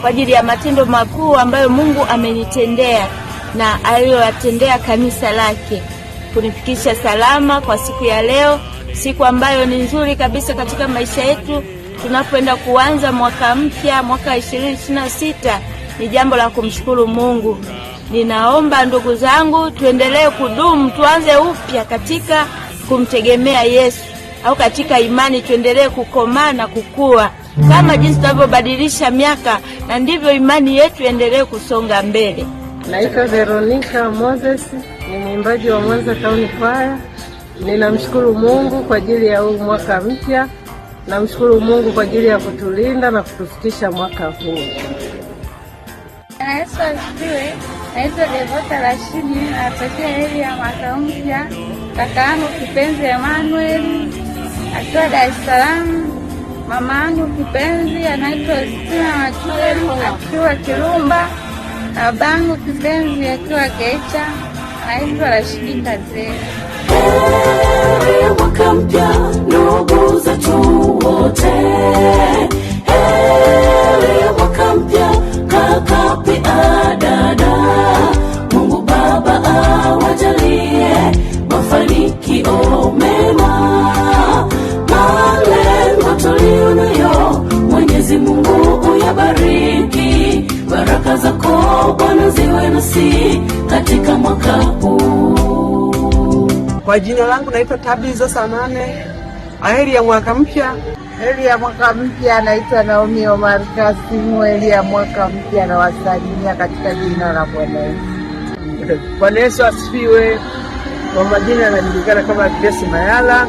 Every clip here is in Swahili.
kwa ajili ya matendo makuu ambayo Mungu amenitendea na aliyowatendea kanisa lake kunifikisha salama kwa siku ya leo, siku ambayo ni nzuri kabisa katika maisha yetu tunapoenda kuanza mwaka mpya, mwaka ishirini sita. Ni jambo la kumshukuru Mungu. Ninaomba ndugu zangu, tuendelee kudumu, tuanze upya katika kumtegemea Yesu au katika imani, tuendelee kukomaa na kukua. Kama jinsi tunavyobadilisha miaka na ndivyo imani yetu iendelee kusonga mbele. Naitwa Veronica Moses, ni mwimbaji wa Mwanza Town Choir. Ninamshukuru Mungu kwa ajili ya huu mwaka mpya. Namshukuru Mungu kwa ajili ya kutulinda na kutufikisha mwaka huu. Yesu asifiwe. Naitwa Devota Rashidi, natokea heri ya mwaka mpya. Kaka yangu kipenzi Emanueli akiwa Dar es Salaam. Mama yangu kipenzi anaitwa Stina Machule akiwa Kirumba, babangu kipenzi akiwa Geita anaitwa Rashidi Kazee. Mwaka mpya ndugu zetu wote nasi katika mwaka huu. Kwa jina langu naitwa Tabiza Sanane. Aheri ya mwaka mpya. Heri ya mwaka mpya. Anaitwa Naomi Omar Kasimu. Heri ya mwaka mpya na wasalimia katika jina la Bwana Yesu. Bwana Yesu asifiwe. Kwa majina anajulikana kama Grace Mayala,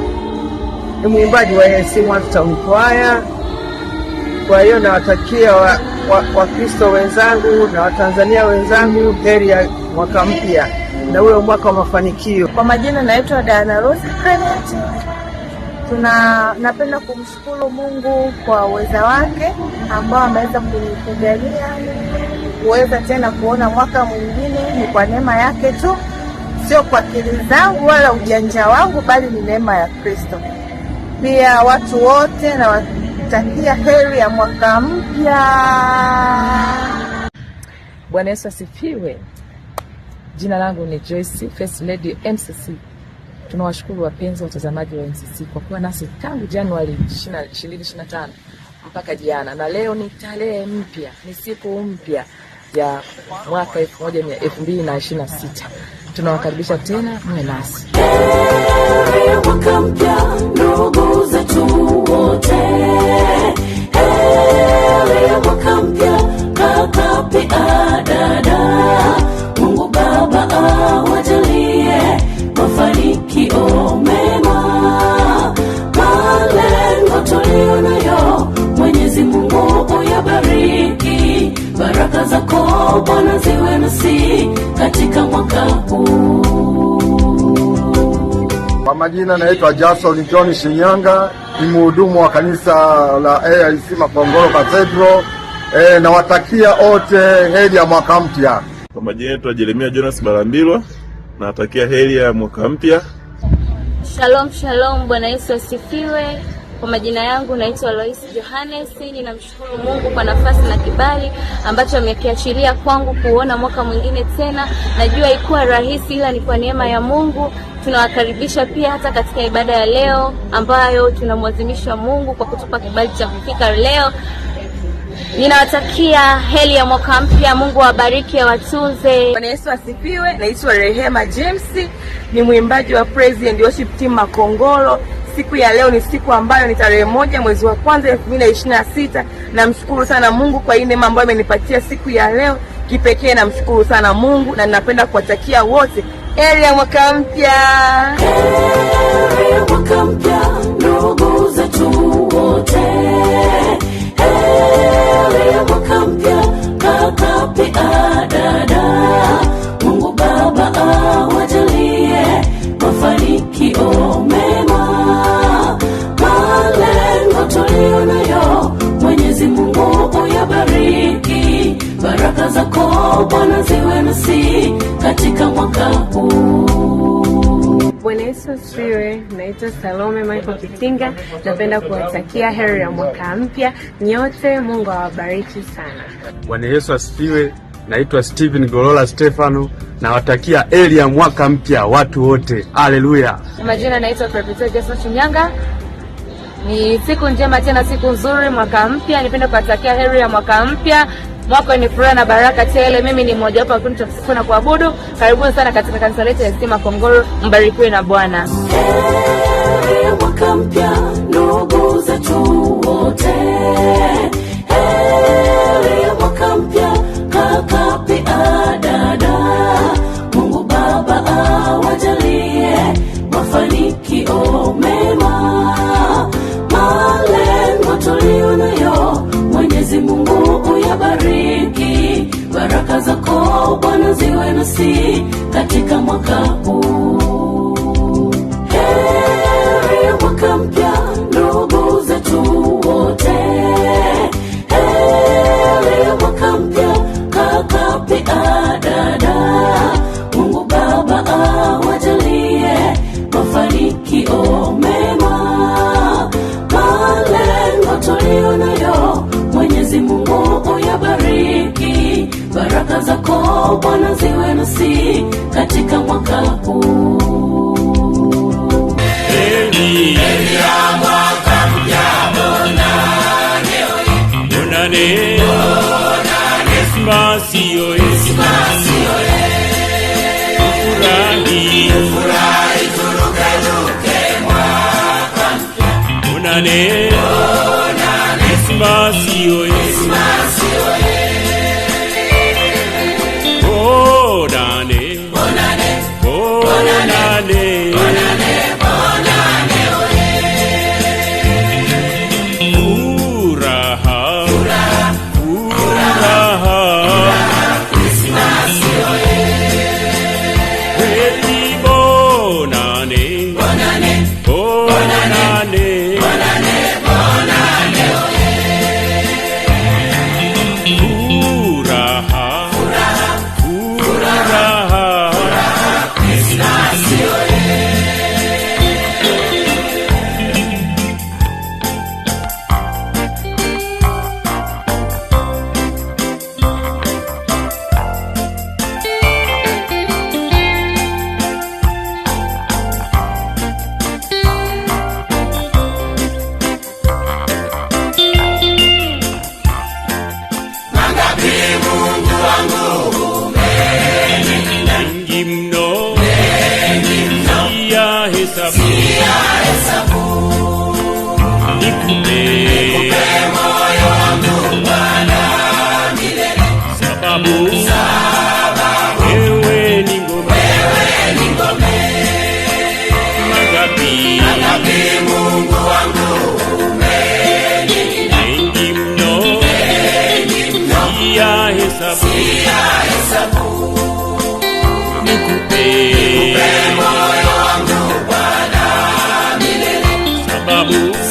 ni mwimbaji wa Simwatutautwaya kwa hiyo nawatakia Wakristo wa, wa wenzangu na Watanzania wenzangu heri ya mwaka mpya na huyo mwaka wa mafanikio. Kwa majina naitwa Diana Rose Clement. Tuna napenda kumshukuru Mungu kwa uweza wake ambao ameweza kunikujalia kuweza tena kuona mwaka mwingine. Ni kwa neema yake tu, sio kwa akili zangu wala ujanja wangu, bali ni neema ya Kristo. Pia watu wote na watu kutakia heri ya mwaka mpya. Bwana Yesu asifiwe. Jina langu ni Joyce, First Lady MCC. Tunawashukuru wapenzi watazamaji wa MCC kwa kuwa nasi tangu Januari 2025 mpaka jana, na leo ni tarehe mpya, ni siku mpya ya mwaka 2026. Tunawakaribisha tena mwe nasi watu wote. Heri ya mwaka mpya kaka majina naitwa Jason John Shinyanga, ni mhudumu wa kanisa la AIC Makongoro Cathedral. E, nawatakia wote heri ya mwaka mpya. Kwa majina yetu Jeremia Jonas Barambilwa, nawatakia heri ya mwaka mpya. Shalom shalom, Bwana Yesu asifiwe. Kwa majina yangu naitwa Lois Johannes. Ninamshukuru Mungu kwa nafasi na kibali ambacho amekiachilia kwangu kuona mwaka mwingine tena. Najua ikuwa rahisi, ila ni kwa neema ya Mungu. Tunawakaribisha pia hata katika ibada ya leo ambayo tunamwazimisha Mungu kwa kutupa kibali cha kufika leo. Ninawatakia heri ya mwaka mpya, Mungu awabariki, awatunze. Bwana Yesu asifiwe. Naitwa Rehema James, ni mwimbaji wa Praise and Worship Team Makongoro. Siku ya leo ni siku ambayo ni tarehe moja mwezi wa kwanza elfu mbili na ishirini na sita. Namshukuru sana Mungu kwa hii neema ambayo amenipatia siku ya leo kipekee. Namshukuru sana Mungu na ninapenda kuwatakia wote Heri ya mwaka mpya, ya mwaka mpya, ndugu wote, heri ya mwaka mpya, Mungu Baba awajalie mafanikio mema, malengo nayo uyabariki, baraka zako Bwana ziwe nasi katika mwaka Yesu asifiwe. Naitwa Salome Michael Kitinga, napenda kuwatakia heri ya mwaka mpya nyote, Mungu awabariki sana. Bwana Yesu asifiwe. Naitwa Steven Golola Stefano, nawatakia heri ya mwaka mpya watu wote, haleluya. Majina naitwa Perpetua Jesus Shinyanga. Ni siku njema tena siku nzuri, mwaka mpya. Nipenda kuwatakia heri ya mwaka mpya Mwaka ni furaha na baraka tele. Mimi ni mmoja wapo wa cha kusifu na kuabudu. Karibuni sana katika kanisa letu la Stima Kongoro, mbarikiwe na Bwana. Mwaka mpya zako Bwana ziwe nasi katika mwaka huu. zako Bwana ziwe nasi katika mwaka huu. Heri ya mwaka amor